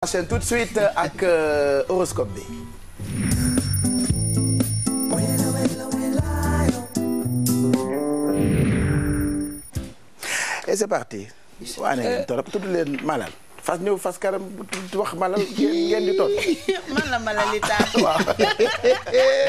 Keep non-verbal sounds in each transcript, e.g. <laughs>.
enchaîne tout de suite ak euh, horoscope bi. et c'est parti. waa ne ngeen torop tudd leen malal. fas ñëw fas karam wax malal ngeen di toog. <laughs> man la malali <laughs> waaw.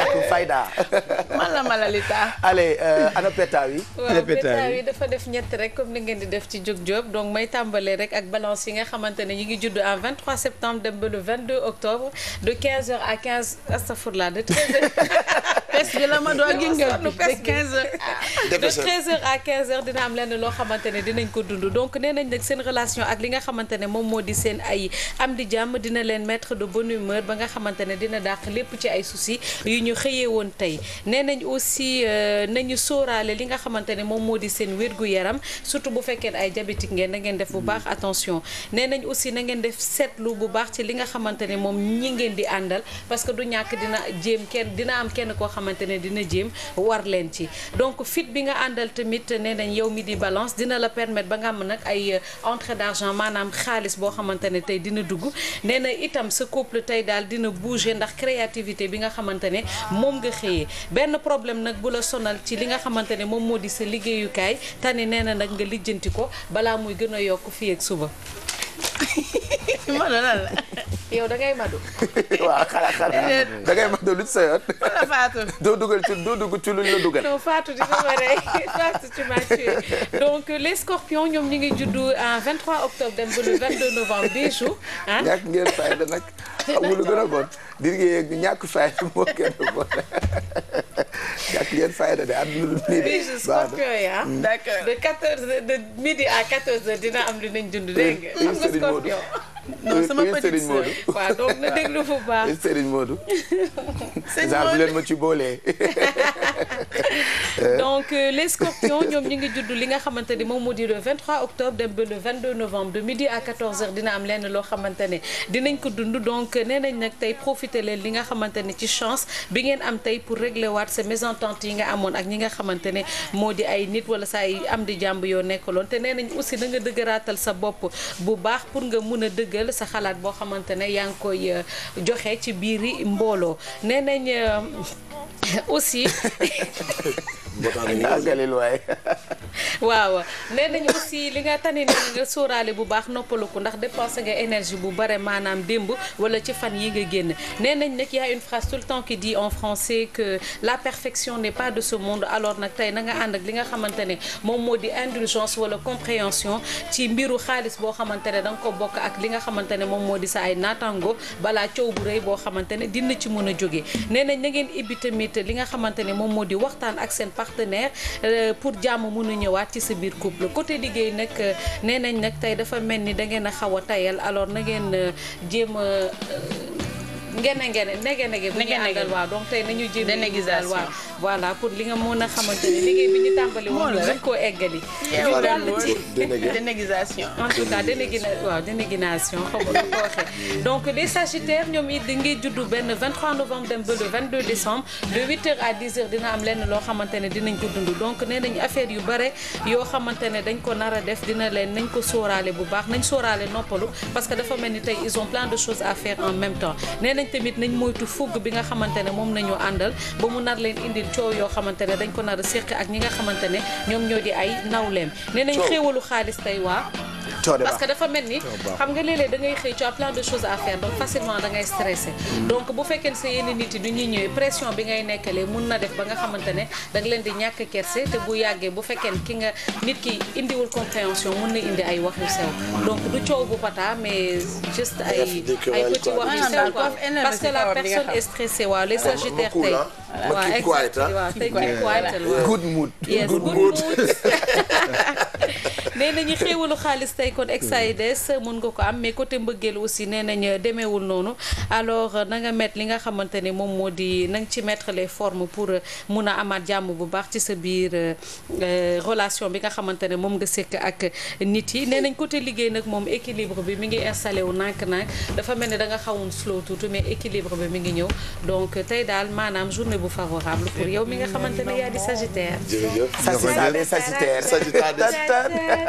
ñàkk fayda. <laughs> man la malali taa. allez euh, ana petaaw yi. ana petaaw dafa def ñett rek comme ni ngeen di def ci jóg jóob donc may tàmbalee rek ak balance yi nga xamante ne ñu ngi judd en vingt 23 septembre dem ba le 22 octobre de 15h à 15 astafurla de 13h. pes bi la ma doon yëngal de 15 heures ah. de 13 heures à 15 heures ne dinañ seen relation ak li nga xamante ne moom moo di seen ay am di dina leen mettre de bonne humeur ba nga xamante ne dina dàq lépp ci ay soucis yu ñu xëyee woon tey nee nañ aussi euh, nañu sóoraale li nga xamante ne moom moo di seen wér-gu-yaram surtout bu fekkee ay diabétique ngeen na ngeen def bu baax attention nee nañ aussi na ngeen def seetlu bu baax ci li nga xamante ne moom ñi ngeen di àndal parce que du ñàkk dina jéem kenn dina am kenn koo xamante xamante ne dina jéem war leen ci donc fit bi nga àndal tamit nee nañ yow mi di balance dina la permettre ba nga am nag ay euh, entrée d'argent maanaam xaalis boo xamante ne tey dina dugg nee na itam sa couple tey daal dina bouger ndax créativité bi nga xamante ne moom nga xëyee benn problème nag bu la sonal ci li nga xamante ne moom moo di sa liggéeyukaay tani nee na nag nga lijjanti ko balaa muy gën a yokk fii ak suba. <laughs> yow da ngay madu. <laughs> waaw xalaat eh, eh. da ngay madu lu sa yoon. wala Fatou. <laughs> doo dugal ci doo dugg ci lu la dugal. non Fatou dina ma <laughs> donc les scorpions ñoom ñu ngi juddu en 23 octobre dem ba le 22 novembre bii jour. ah ñàkk ngeen fay nag amul lu gën a bon a bon. jàpp ngeen fayda de am lu nii de. scorpion mm. dina am lu nañ dund dégg nga. xam nga non euh, sama petite sœur waaw donc nga déglu bu baax Serigne Modou. sëñ <laughs> Modou bu leen ma ci boolee. <laughs> Euh. donc euh, les scorpions ñoom ñu ngi judd li nga xamante ni moom moo di le 23 octobre dem ba le 22 novembre de midi à 14 dina am lenn loo xamante ne dinañ ko dund donc nee nañ nag tey profité leen li nga xamante ne ci chance bi ngeen am tey pour réglé waat sa mésentente yi nga amoon ak ñi nga xamante ne moo di ay nit wala saa am di jàmb yoo nekkaloon te nee nañ aussi na nga dëgëraatal sa bopp bu baax pour nga mun a dëggal sa xalaat boo xamante ne yaa ngi koy euh, joxe ci biiri mbooloo nee nañ <laughs> àggalil <laughs> waaye <laughs> waaw nee nañu aussi li nga tane ne nga sóoraale bu baax noppaluku ndax dépensé nga énergie bu bare maanaam démb wala ci fan yi nga génn nee nañ nag y a une phrase tout le temps en français que la perfection ne pas de ce monde alors nag tey na ànd ak li nga xamante ne moom moo di indulgence wala compréhension ci mbiru xaalis boo xamante ne da ko bokk ak li nga xamante ne moom moo di sa ay naataango balaa coow bu rëy boo xamante ne dina ci mën a jógee nee nañ na ngeen ibbi tamit li nga xamante ne moom moo di waxtaan ak seen partenaire euh, pour jàmm mën a ñëwaat ci sa biir couple côté liggéey nag euh, nee nañ nag tey dafa mel ni da ngeen a xaw a tayal aloor na ngeen euh, jéem a euh, ngene ngene nege nege bu ñu àndal waaw donc tey nañu jéem dénégisal waaw voilà pour li nga mën a xamante ne liggéey bi ñu tàmbali woon ñu gën koo eggali ñu dal ci dénégisation en tout cas dénégina waaw dénégination xam nga ko waxee mm. donc les sagittaires ñoom it di ngi juddu benn 23 novembre dem ba le 22 décembre de 8h à 10h dina am lenn loo xamante ne dinañ ko dund donc nee nañ affaire yu bare yoo xamante ne dañ ko nar a def dina leen nañ ko sóoraale bu baax nañ sóoraale noppalu parce que dafa mel ni tey ils ont plein de choses à faire en même temps nee nañ tamit nañ moytu fugg bi nga xamante ne moom nañu àndal ba mu nar leen indil coow yoo xamante ne dañ ko nar a ak ñi nga xamante ne ñoom ñoo di ay nawleem nee nañ xéewalu xaalis tey waa parce que dafa mel ni xam nga léeg-léeg da ngay xëy tu as plein de choses à faire donc facilement da ngay donc bu fekkee sa yenn nit yi du ñuy ñëwee pression bi ngay nekkalee mun na def ba nga xamante ne da leen di ñàkk kerse te bu yàggee bu fekkee ki nga nit ki indiwul compréhension mun na indi ay wax yu sew donc du coow bu pata mais juste ay ay petit wax yu sew quoi parce que la personne est waaw les sagittaires tey exact waaw good mood good mood <laughs> nee nañu xéewalu xaalis tey kon ex-AIDS mun nga ko am mais côté mbëggeel aussi nee nañ demeewul noonu alors na nga li nga xamante ne moom moo di na nga ci mettre les formes pour mun a amaat jàmm bu baax ci sa biir euh, relation bi nga xamante ne moom nga sekk ak nit yi nee nañ côté liggéey nag moom équilibre bi mi ngi installé wu nànk-nànk dafa mel ne da nga xawoon slow tuuti mais équilibre bi mi ngi ñëw donc tey daal maanaam journée bu favorable pour yow mi nga xamante ne yaa di sagittaire. jërëjëf sagittaire sagittaire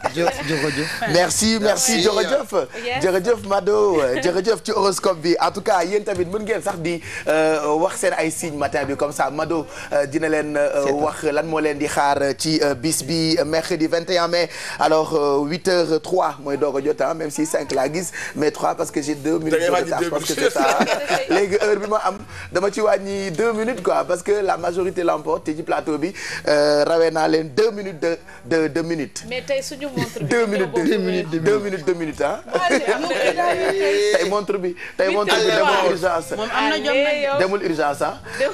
jërëjëf merci merci jërëjëf jërëjëf Mado jërëjëf ci horoscope bi en tout cas yéen tamit mën ngeen sax di euh, wax seen ay signe matin bi comme ça Mado euh, dina leen euh, wax lan moo leen di xaar ci bis bi mercredi 21 mai alors 8h03 mooy doog a jot même si 5 laa gis mais 3 parce que j'ai 2 minutes de retard parce que <laughs> c'est ça léegi heure bi ma am dama ci wàññi 2 minutes quoi parce que la majorité l'emporte ci plateau bi rawee naa leen 2 minutes de de 2 minutes. deux minutes deux minutes deux minutes deux minutes ah. tey montre bi tey montre bi demul urgence. demul urgence ah.